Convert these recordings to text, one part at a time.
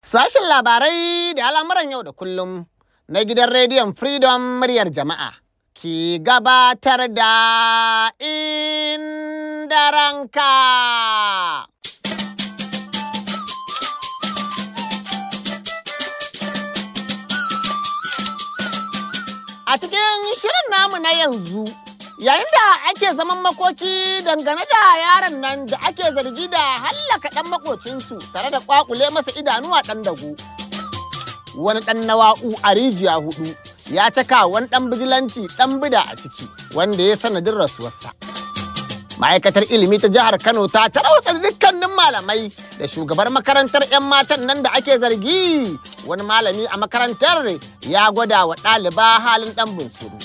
Sashen labarai da al'amuran yau da kullum na gidan rediyon Freedom muryar jama'a ki gabatar da indaranka A cikin shirin namu na yanzu yayin da ake zaman makoki dangane da yaron nan da ake zargi da hallaka ɗan makocinsu tare da kwakule masa idanu a ɗan dagu wani ɗan nawa'u a rijiya hudu ya caka wani ɗan bijilanci ɗan bida a ciki wanda ya sanadin rasuwarsa ma'aikatar ilimi ta jihar kano ta tarauta dukkanin malamai da shugabar makarantar 'yan matan nan da ake zargi wani malami a makarantar ya gwada wa ɗaliba halin ɗan bunsuru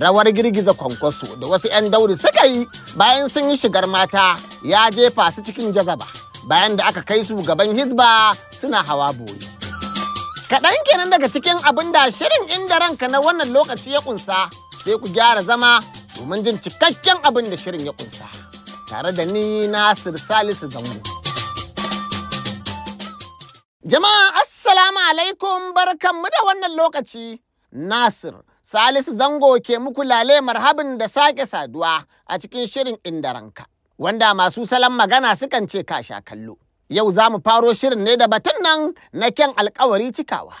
rawar girgiza kwankwaso da wasu 'yan dauri suka yi bayan sun yi shigar mata ya jefa su cikin jazaba bayan da aka kai su gaban hizba suna hawa boye. Kaɗan kenan daga cikin abin da shirin inda ranka na wannan lokaci ya kunsa sai ku gyara zama domin jin cikakken abin da shirin ya kunsa. Tare da ni Nasir Salisu Zango. Jama'a Assalamu alaikum barkanmu da wannan lokaci Nasir Salisu Zango ke muku lale marhabin da sake saduwa a cikin shirin inda ranka, wanda masu salon magana sukan ce kasha kallo. Yau za mu faro shirin ne da batun nan na kyan alkawari cikawa,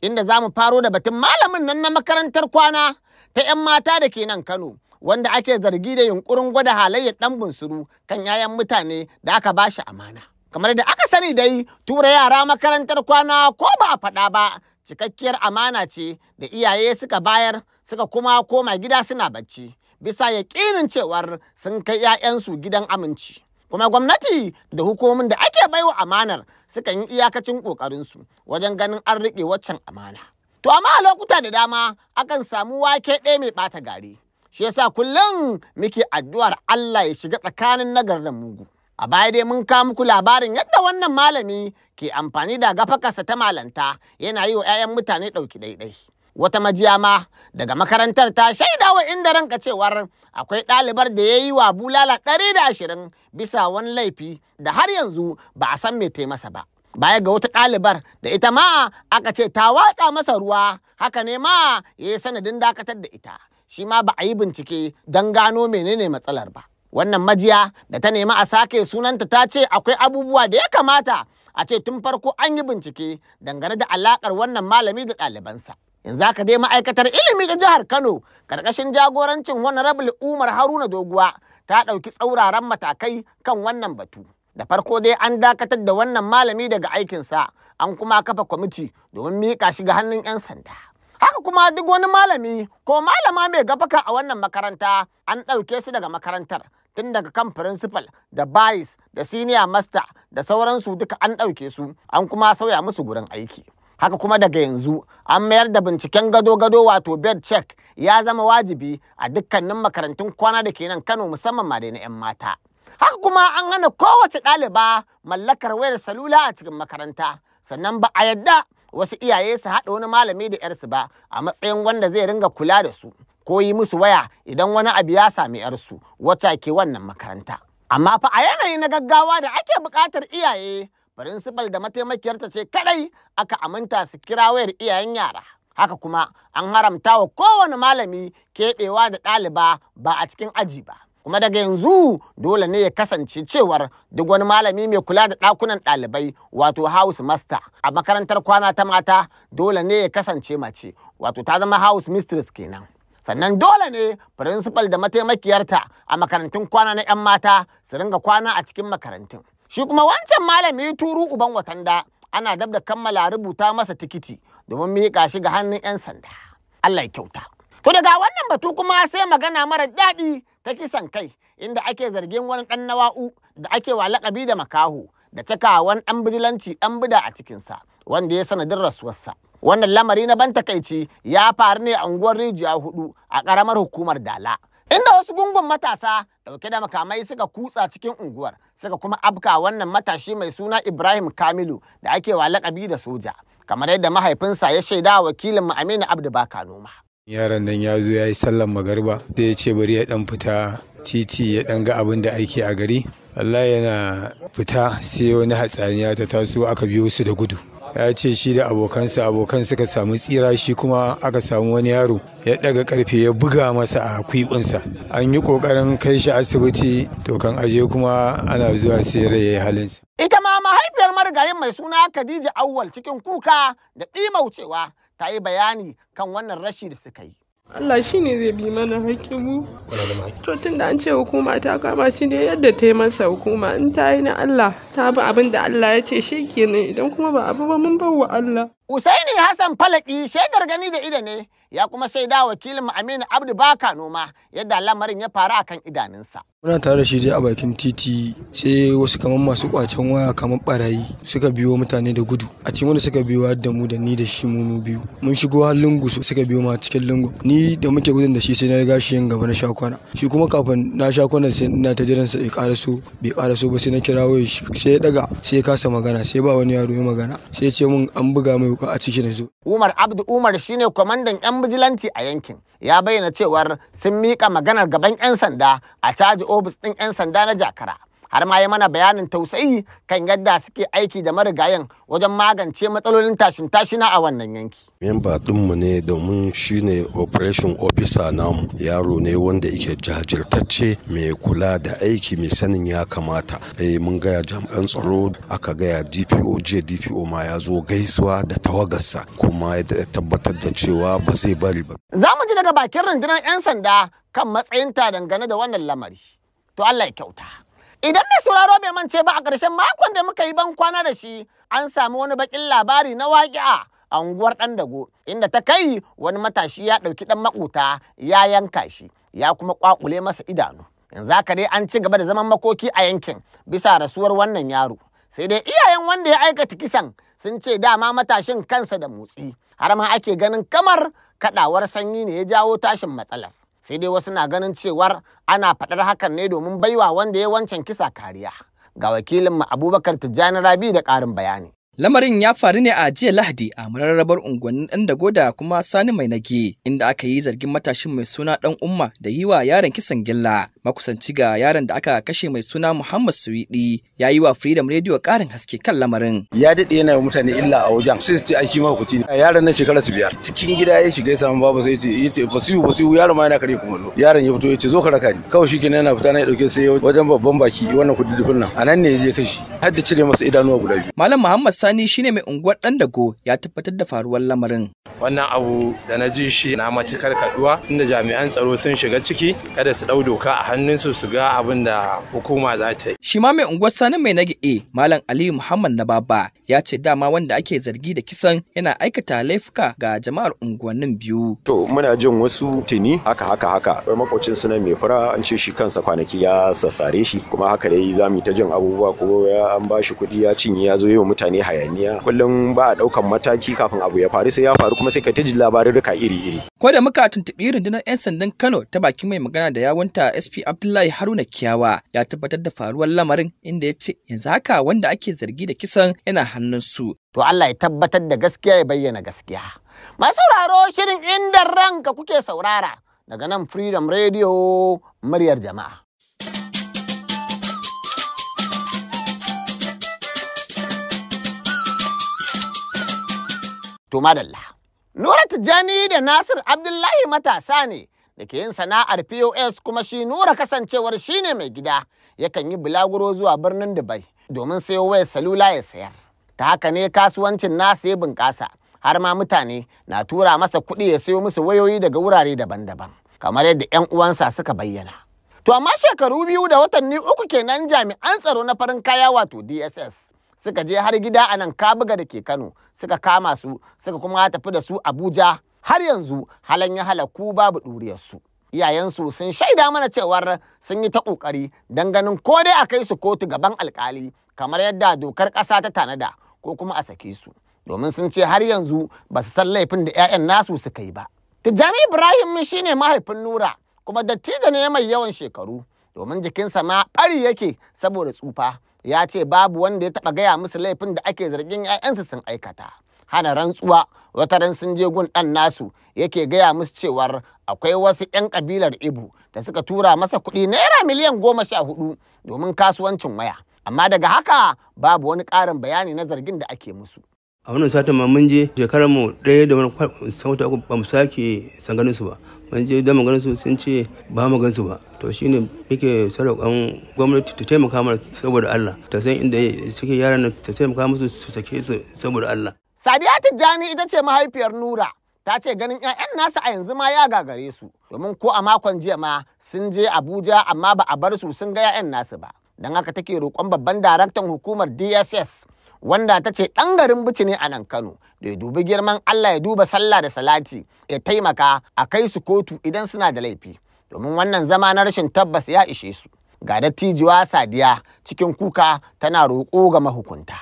inda za mu faro da batun malamin nan na makarantar kwana ta 'yan mata da ke nan Kano, wanda ake zargi da yunkurin gwada halayyar ɗan bunsuru kan 'ya'yan mutane da aka bashi amana. Kamar da aka sani dai, tura yara makarantar kwana ko ba a faɗa ba cikakkiyar amana ce da iyaye suka bayar suka kuma koma gida suna bacci bisa yaƙinin cewar sun kai 'ya'yansu gidan aminci. kuma gwamnati da hukumomin da ake baiwa amanar sukan yi iyakacin ƙoƙarinsu wajen ganin an riƙe waccan amana. To amma a lokuta da dama akan samu wake ɗaya mai ɓata gari. Shi yasa kullum muke addu'ar Allah ya shiga tsakanin nagar da mugu. A baya dai mun kawo muku labarin yadda wannan malami ke amfani da gafakarsa ta malanta yana yi wa 'ya'yan mutane ɗauki ɗaiɗai. Wata majiya ma daga makarantar ta shaida wa inda ranka cewar akwai ɗalibar da ya yi wa bulala ɗari da ashirin bisa wani laifi da har yanzu ba a san me masa ba. Baya ga wata ɗalibar da ita ma aka ce ta watsa masa ruwa haka ne ma ya yi sanadin dakatar da ita. Shi ma ba a yi bincike don gano menene matsalar ba. wannan majiya da ta nemi a sake sunanta ta ce akwai abubuwa da ya kamata a ce tun farko an yi bincike dangane da alakar wannan malami da ɗalibansa yanzu haka dai ma'aikatar ilimi ta jihar kano karkashin jagorancin wani honorable umar haruna doguwa ta ɗauki tsauraran matakai kan wannan batu da farko dai an dakatar da wannan malami daga aikinsa an kuma kafa kwamiti domin miƙa shi ga hannun 'yan sanda haka kuma duk wani malami ko malama mai gafaka a wannan makaranta an ɗauke su daga makarantar tun daga kan principal da vice da senior master da sauransu duka an ɗauke su an kuma sauya musu gurin aiki haka kuma daga yanzu an mayar da binciken gado-gado wato bed check ya zama wajibi a dukkanin makarantun kwana da ke nan kano musamman ma na 'yan mata haka kuma an hana kowace ɗaliba mallakar wayar salula a cikin makaranta sannan ba a yadda wasu iyaye su haɗa wani malami da 'yarsu ba a matsayin wanda zai ringa kula da su ko yi musu waya idan wani abu ya sami yarsu wata ke wannan makaranta. Amma fa a yanayi na gaggawa da ake buƙatar iyaye, firinsifal da mataimakiyarta ce kadai aka aminta su kira wayar iyayen yara. Haka kuma an haramta wa kowane malami keɓewa da ɗaliba ba a cikin aji ba. Kuma daga yanzu dole ne ya kasance cewar duk wani malami mai kula da ɗakunan ɗalibai wato house master a makarantar kwana ta mata dole ne ya kasance mace wato ta zama house mistress kenan. sannan dole ne firinsifal da mataimakiyarta a makarantun kwana na 'yan mata su ringa kwana a cikin makarantun shi kuma wancan malami turu uban watanda ana dab da kammala rubuta masa tikiti domin miƙa shi ga hannun 'yan sanda allah ya kyauta to daga wannan batu kuma sai magana mara daɗi ta kisan kai inda ake zargin wani ɗan nawa'u da ake wa laƙabi da makaho da cakawan ɗan bijilanci ɗan bida a cikinsa wanda ya sanadin rasuwarsa wannan lamari na ban takaici ya faru ne a unguwar rijiya hudu a karamar hukumar dala inda wasu gungun matasa dauke da makamai suka kutsa cikin unguwar suka kuma abka wannan matashi mai suna ibrahim kamilu da ake wa lakabi da soja kamar yadda mahaifinsa ya shaida wakilin mu aminu abdu baka noma yaron nan ya zo ya yi sallan magariba sai ya ce bari ya dan fita titi ya dan ga abin da aiki a gari Allah yana fita sai wani hatsaniya ta taso aka biyo su da gudu ya ce shi da abokansa abokan suka samu tsira shi kuma aka samu wani yaro ya daga karfe ya buga masa a kwibinsa an yi kokarin kai shi asibiti to kan aje kuma ana zuwa sai rai yayi halinsa ita ma mahaifiyar marigayin mai suna Khadija Awwal cikin kuka da ɗimaucewa ta yi bayani kan wannan rashi da suka yi Allah shi ne zai bi mana hakimu. To tun da an ce hukuma ta kama shi ne yadda ta yi masa hukuma in ta yi na Allah ta bi abin da Allah ya ce shi kenan idan kuma ba abu ba mun bar Allah. Usaini Hassan Falaki shaidar gani da ido ne ya kuma shaida wakilin Aminu Abdu Baka noma yadda lamarin ya faru akan idanunsa. Muna tare da shi dai a bakin titi sai wasu kamar masu kwacen waya kamar barayi suka biyo mutane da gudu. A cikin wanda suka biyo da mu da ni da shi mu biyu. Mun shigo har lungu suka biyo ma cikin lungu. Ni da muke gudun da shi sai na riga shi yin gaba na shakwana Shi kuma kafin na shakwana sai na ta jiran sa ya karaso bai karaso ba sai na kira wayar sai ya daga sai ya kasa magana sai ba wani yaro ya magana sai ya ce mun an buga mai doka a ciki ne zo. Umar Abdu Umar shine kwamandan 'yan bijilanci a yankin. Ya bayyana cewar sun miƙa maganar gaban 'yan sanda a caji ofis ɗin 'yan sanda na Jakara. har ma yi mana bayanin tausayi kan yadda suke aiki da marigayen wajen magance matsalolin tashin tashina a wannan yanki. Memba ɗinmu ne domin shi ne operation officer namu yaro ne wanda yake jajirtacce mai kula da aiki mai sanin ya kamata. Eh mun gaya jami'an tsaro aka gaya DPO jiya DPO ma ya zo gaisuwa da tawagarsa kuma ya tabbatar da cewa ba zai bari ba. Za mu ji daga bakin rundunar 'yan sanda kan matsayinta dangane da wannan lamari. To Allah ya kyauta. Idan mai sauraro bai mance ba a ƙarshen makon da muka yi ban kwana da shi an sami wani baƙin labari na waƙi a unguwar ɗan dago inda ta kai wani matashi ya ɗauki ɗan maƙota ya yanka shi ya kuma ƙwaƙule masa idanu. Yanzu haka dai an ci gaba da zaman makoki a yankin bisa rasuwar wannan yaro. Sai dai iyayen wanda ya aikata kisan sun ce dama matashin kansa da motsi har ma ake ganin kamar kaɗawar sanyi ne ya jawo tashin matsalar. sai dai wasu na ganin cewar ana faɗar hakan ne domin baiwa wanda ya wancan kisa kariya ga wakilinmu abubakar tijjani rabi da ƙarin bayani Lamarin ya faru ne a jiya Lahadi a mararrabar unguwannin ɗan dago da kuma sani mai nage inda aka yi zargin matashin mai suna ɗan umma da yi wa yaron kisan gilla. Makusanci ga yaron da aka kashe mai suna Muhammad Suwidi ya yi wa Freedom Radio ƙarin haske kan lamarin. Ya daɗe yana mutane illa a wajen sai ce ai shi ma hukuci ne. Yaron na shekara su biyar cikin gida ya shiga ya samu babu sai ya ce fasihu fasihu yaron ma yana kare kumallo. Yaron ya fito ya ce zo ka raka ni. Kawai shi kenan yana fita na ya ɗauke sai wajen babban baki wannan kududdufin nan. A nan ne ya je kashi har da cire masa idanuwa guda biyu. Malam Muhammad Sani shine mai unguwar Dandago ya tabbatar da faruwar lamarin. wannan abu da na ji shi na matukar kaɗuwa, inda jami'an tsaro sun shiga ciki kada su ɗau doka a hannunsu su ga abin da hukuma za ta yi. shi ma mai unguwar sani mai nage e malam aliyu muhammad na baba ya ce dama wanda ake zargi da kisan yana aikata laifuka ga jama'ar unguwannin biyu. to muna jin wasu tuni haka haka haka wai makwacin suna mai fura an ce shi kansa kwanaki ya sassare shi kuma haka dai za mu ta jin abubuwa ko ya an bashi kuɗi ya cinye ya zo yi wa mutane hayaniya kullum ba a ɗaukan mataki kafin abu ya faru sai ya faru kuma sai ka ji labarin duka iri-iri. Ko da muka tuntuɓi rundunar 'yan sandan Kano ta bakin mai magana da yawunta SP Abdullahi Haruna Kiyawa ya tabbatar da faruwar lamarin inda ya ce yanzu haka wanda ake zargi da kisan yana hannun su. To Allah ya tabbatar da gaskiya ya bayyana gaskiya. Masu sauraro shirin inda ranka kuke saurara daga nan Freedom Radio muryar jama'a. to madalla Nura Tijjani da Nasir Abdullahi matasa ne da ke yin sana'ar POS kuma shi Nura kasancewar shi ne mai gida yakan yi bulaguro zuwa birnin Dubai domin sayo waya salula ya sayar. Ta haka ne kasuwancin nasa ya bunƙasa har ma mutane na tura masa kuɗi ya sayo musu wayoyi daga wurare daban-daban kamar yadda 'yan uwansa suka bayyana. To amma shekaru biyu da watanni uku kenan jami'an tsaro na farin kaya wato DSS suka je har gida a nan buga da ke kano suka kama su suka kuma tafi da su abuja har yanzu halan ya halaku babu ɗuriyarsu iyayensu sun shaida mana cewar sun yi ta ƙoƙari don ganin ko dai a kai su kotu gaban alkali kamar yadda dokar ƙasa ta tanada ko kuma a sake su domin sun ce har yanzu ba su san laifin da 'ya'yan nasu suka yi ba tijjani ibrahim shine mahaifin nura kuma dattijo ne mai yawan shekaru domin jikinsa ma ɓari yake saboda tsufa ya ce babu wanda ya taɓa gaya musu laifin da ake zargin 'ya'yansu sun aikata hana rantsuwa wata ran sun je gun ɗan nasu yake gaya musu cewar akwai wasu 'yan kabilar ibu da suka tura masa kuɗi naira miliyan goma sha hudu domin kasuwancin waya amma daga haka babu wani ƙarin bayani na zargin da ake musu a wannan satin ma mun je shekarar mu ɗaya da wani sauta uku ba mu sake san ganin su ba mun je da mu ganin su sun ce ba mu gan su ba to shine muke sarakan gwamnati ta taimaka mana saboda Allah ta san inda suke yaran nan ta taimaka musu su sake su saboda Allah Sadiya Tijjani ita ce mahaifiyar Nura ta ce ganin 'ya'yan nasa a yanzu ma ya gagare su domin ko a makon jiya ma sun je Abuja amma ba a bar su sun ga 'ya'yan nasu ba dan haka take roƙon babban daraktan hukumar DSS wanda ta ce ɗan garin bici ne a nan Kano da ya dubi girman Allah ya duba sallah da salati ya taimaka a kai su kotu idan suna da laifi domin wannan zama na rashin tabbas ya ishe su. Ga dattijuwa Sadiya cikin kuka tana roƙo ga mahukunta.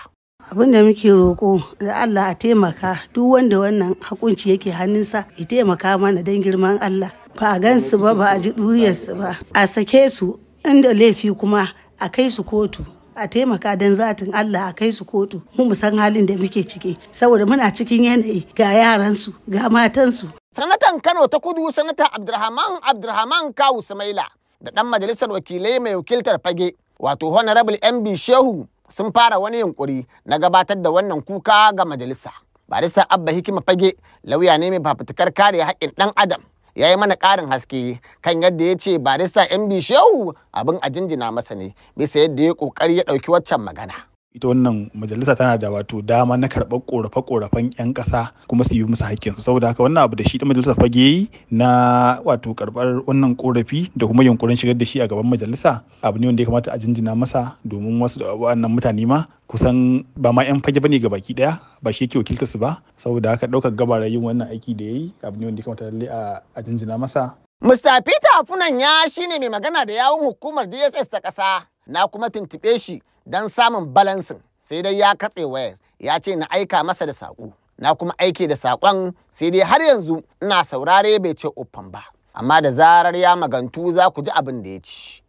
Abin da muke roƙo da Allah a taimaka duk wanda wannan hakunci yake hannunsa ya taimaka mana don girman Allah. Ba a gansu ba ba a ji duriyarsu ba a sake su inda laifi kuma a kai su kotu. a taimaka don zatin Allah a kai su kotu mu mu san halin da muke ciki saboda muna cikin yanayi ga yaransu ga matansu. Sanatan Kano ta kudu sanata Abdulrahman Abdulrahman Kawu Samaila da ɗan majalisar wakilai mai wakiltar fage wato Honorable MB Shehu sun fara wani yunkuri na gabatar da wannan kuka ga majalisa. Barista Abba Hikima Fage lauya ne mai fafutukar kare haƙƙin ɗan Adam ya yi mana ƙarin haske kan yadda ya ce barista mb shehu abin a jinjina masa ne bisa yadda ya ƙoƙari ya ɗauki waccan magana ita wannan majalisa tana da wato dama na karɓar ƙorafe-ƙorafen 'yan ƙasa kuma su yi musu haƙƙinsu saboda haka wannan abu da shi da majalisa fage yi na wato karɓar wannan ƙorafi da kuma yunkurin shigar da shi a gaban majalisa abu ne wanda ya kamata a jinjina masa domin wasu da wannan mutane ma kusan ba ma 'yan fage bane ga baki ɗaya ba shi yake wakilta su ba saboda haka ɗaukar gabara yin wannan aiki da ya yi abu ne wanda ya kamata lalle a jinjina masa. Mr. Peter Afunan ya shine mai magana da yawun hukumar DSS ta ƙasa. na kuma tuntuɓe shi don samun balansin sai dai ya katse wayar ya ce na aika masa da saƙo na kuma aike da saƙon sai dai har yanzu ina saurare bai ce uffan ba amma da zarar ya magantu za ku ji abin da ya ci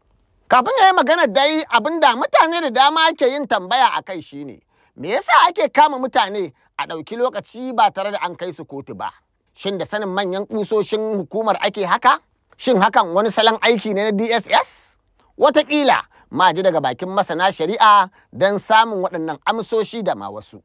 kafin ya yi magana dai abin da mutane da dama ke yin tambaya a kai shi ne. me yasa ake kama mutane a ɗauki lokaci ba tare da an kai su kotu ba shin da sanin manyan ƙusoshin hukumar ake haka shin hakan wani salon aiki ne na dss Wataƙila ma ji daga bakin masana shari'a don samun waɗannan amsoshi da ma wasu.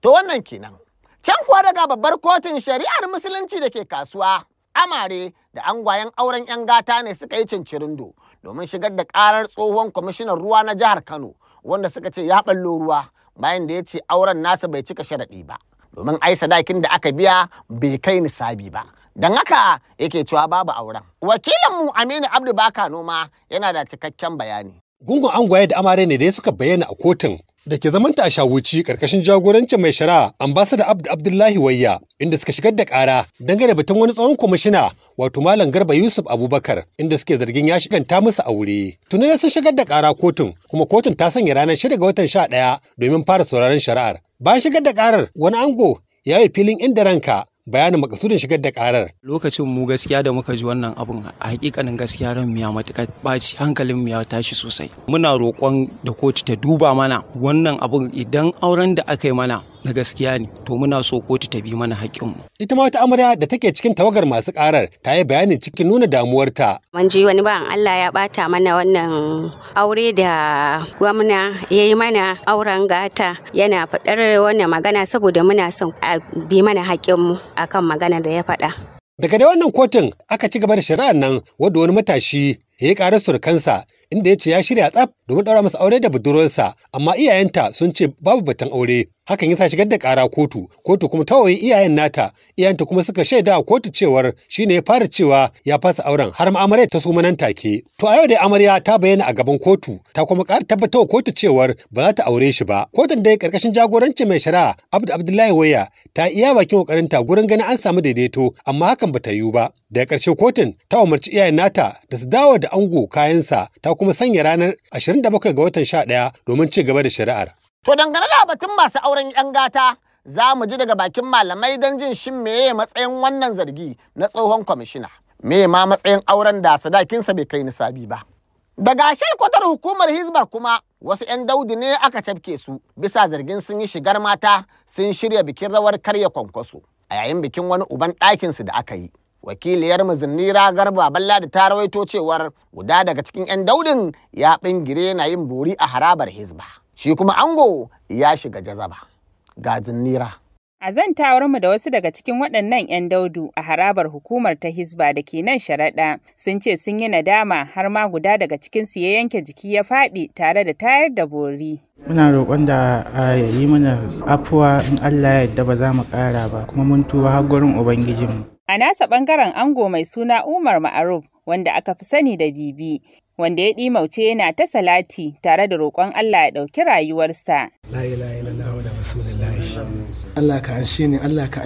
To wannan kenan. Can kuwa daga babbar kotun shari'ar musulunci da ke kasuwa, amare da angwayen auren 'yan gata ne suka yi cincirindo domin shigar da ƙarar tsohon kwamishinan ruwa na jihar Kano wanda suka ce ya ɓallo ruwa bayan da ya ce auren nasa bai cika sharaɗi ba. Domin ai sadakin da aka biya bai kai nisabi ba. Don haka yake cewa babu auren. Wakilinmu Aminu Abdu Baka Noma yana da cikakken bayani. gungun angwaye da amare ne da suka bayyana a kotun da ke zamanta a shawuci karkashin jagorancin mai shari'a da abdu abdullahi wayya inda suka shigar da kara dangane batun wani tsohon kwamishina wato malam garba yusuf abubakar inda suke zargin ya shiganta musu aure tuni sun shigar da kara kotun kuma kotun ta sanya ranar shida ga watan sha ɗaya domin fara sauraron shari'ar bayan shigar da karar wani ango ya yi filin inda ranka bayanin makasudin shigar da karar. Lokacin mu gaskiya da muka ji wannan abun a hakikanin gaskiya ran miya ya matuƙar ɓaci hankalin mu ya tashi sosai. Muna roƙon da kotu ta duba mana wannan abun idan auren da aka yi mana na gaskiya ne to muna so kotu ta bi mana mu ita ma wata amarya da take cikin tawagar masu ƙarar ta yi bayanin cikin nuna damuwarta. mun ji wani ban Allah ya bata mana wannan aure da gwamna ya yi mana auren gata yana faɗar wannan magana saboda muna son a bi mana haƙƙinmu akan magana da ya faɗa. daga dai wannan kotun aka ci gaba da shari'ar nan wadda wani matashi ya yi ƙarar surukansa inda ya ce ya shirya tsaf domin ɗaura masa aure da budurwarsa amma iyayenta sun ce babu batun aure hakan ya sa shigar da ƙara kotu kotu kuma tawaye iyayen nata iyayenta kuma suka shaida a kotu cewar shine ya fara cewa ya fasa auren har ma amarya ta suma nan take to a yau da amarya ta bayyana a gaban kotu ta kuma ƙara wa kotu cewar ba za ta aure shi ba kotun dai ƙarƙashin jagoranci mai shari'a abdu abdullahi waya ta iya bakin ƙoƙarinta gurin ganin an samu daidaito amma hakan ba ta yiwu ba daga ƙarshe kotun ta umarci iyayen nata da su dawo da ango kayansa ta kuma sanya ranar 27 ga watan 11 domin ci gaba da shari'ar. To dangane da batun masu auren 'yan gata za mu ji daga bakin malamai don jin shin meye matsayin wannan zargi na tsohon kwamishina. Me ma matsayin auren da sadakinsa bai kai nisabi ba. Daga kwatar hukumar Hizbar kuma wasu 'yan daudi ne aka cafke su bisa zargin sun yi shigar mata sun shirya bikin rawar karya kwankwaso a yayin bikin wani uban ɗakinsu da aka yi. wakiliyar mazinira garba balla da ta rawaito cewar guda daga cikin 'yan daudin ya bingire na yin bori a harabar hizba shi kuma ango ya shiga jazaba ga zinnira a zantawar mu da wasu daga cikin waɗannan 'yan daudu a harabar hukumar ta hisba da ke nan sharaɗa sun ce sun yi nadama har ma guda daga cikin su ya yanke jiki ya faɗi tare da tayar da bori muna roƙon da a yi mana afuwa in allah ya yadda ba za mu ƙara ba kuma mun tuba har gurin ubangijinmu A nasa ɓangaren ango mai suna Umar Ma'aruf wanda aka fi sani da Bibi wanda ya ɗimauce yana ta salati tare da roƙon Allah ya ɗauki rayuwarsa. La rasulullahi. Allah ka ne, Allah ka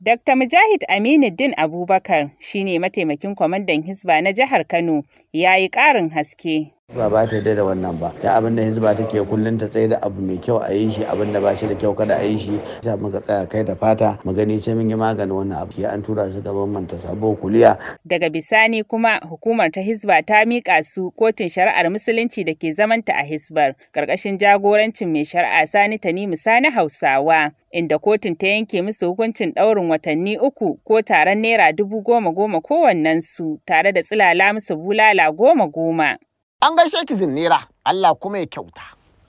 Dr. Mujahid Aminuddin Abubakar shine mataimakin kwamandan Hisba na jihar Kano ya yi ƙarin haske. ba ba ta da wannan ba da abin da hizba take kullum ta tsaye da abu mai kyau a yi shi abin da ba shi da kyau kada a yi shi sa muka tsaya kai da fata mu gani sai mun yi maganin wannan abu an tura su gaban manta sabo kuliya daga bisani kuma hukumar ta hizba ta mika su kotun shari'ar musulunci da ke zamanta a hisbar karkashin jagorancin mai shari'a sani tanimu sani hausawa inda kotun ta yanke musu hukuncin daurin watanni uku ko taron naira dubu goma goma su tare da tsilala musu bulala goma goma. An gaishe ki nera. Allah kuma ya kyauta.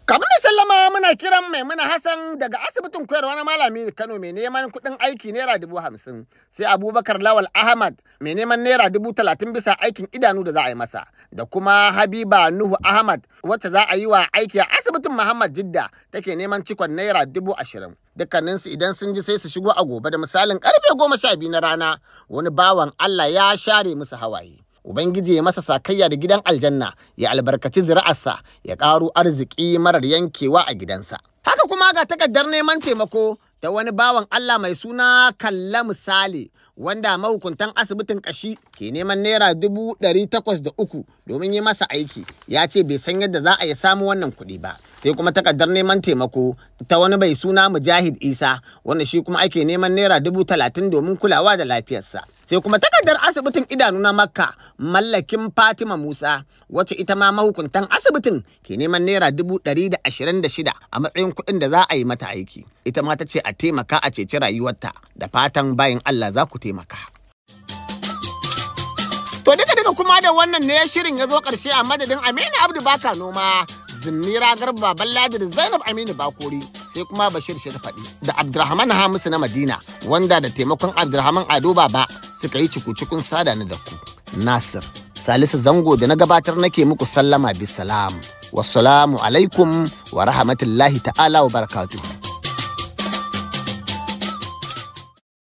Kamar mai muna kiran Maimuna Hassan daga asibitin koyarwa na malami Kano mai neman kuɗin aiki naira dubu hamsin, sai Abubakar Lawal Ahmad mai neman naira dubu talatin bisa aikin idanu da za a yi masa, da kuma Habiba Nuhu Ahmad wacce za a yi wa aiki a asibitin Muhammad Jidda take neman cikon naira dubu ashirin. dukkaninsu idan sun ji sai su shigo a gobe da misalin karfe goma sha biyu na rana wani bawan Allah ya share musu hawaye. Ubangiji ya masa sakayya da gidan aljanna, ya albarkaci zira'arsa, ya ƙaro arziki marar yankewa a gidansa. Haka kuma ga takardar neman taimako ta wani bawan Allah mai suna Kalla Misali, wanda mahukuntan asibitin ƙashi ke neman naira dubu ɗari takwas da uku domin yi masa aiki, ya ce bai san yadda za a yi samu wannan kuɗi ba. sai kuma takardar neman taimako ta wani bai suna mujahid isa wanda shi kuma ake neman naira dubu talatin domin kulawa da lafiyarsa sai kuma takardar asibitin idanu na makka mallakin fatima musa wacce ita ma mahukuntan asibitin ke neman naira dubu ɗari da ashirin da shida a matsayin kuɗin da za a yi mata aiki ita ma ta ce a taimaka a ceci rayuwarta da fatan bayan allah za ku taimaka To duka duka kuma da wannan ne shirin ya zo ƙarshe a madadin Aminu Abdu Baka Noma zinnira garba balladi da zainab aminu bakori sai kuma bashir faɗi da abdulrahman hamisu na madina wanda da taimakon Abdu'rahman ado baba suka yi cuku-cukun sada na daku nasir salisu zango da na gabatar nake muku sallama bisalam wassalamu alaikum wa rahmatullahi ta'ala wa barakatuhu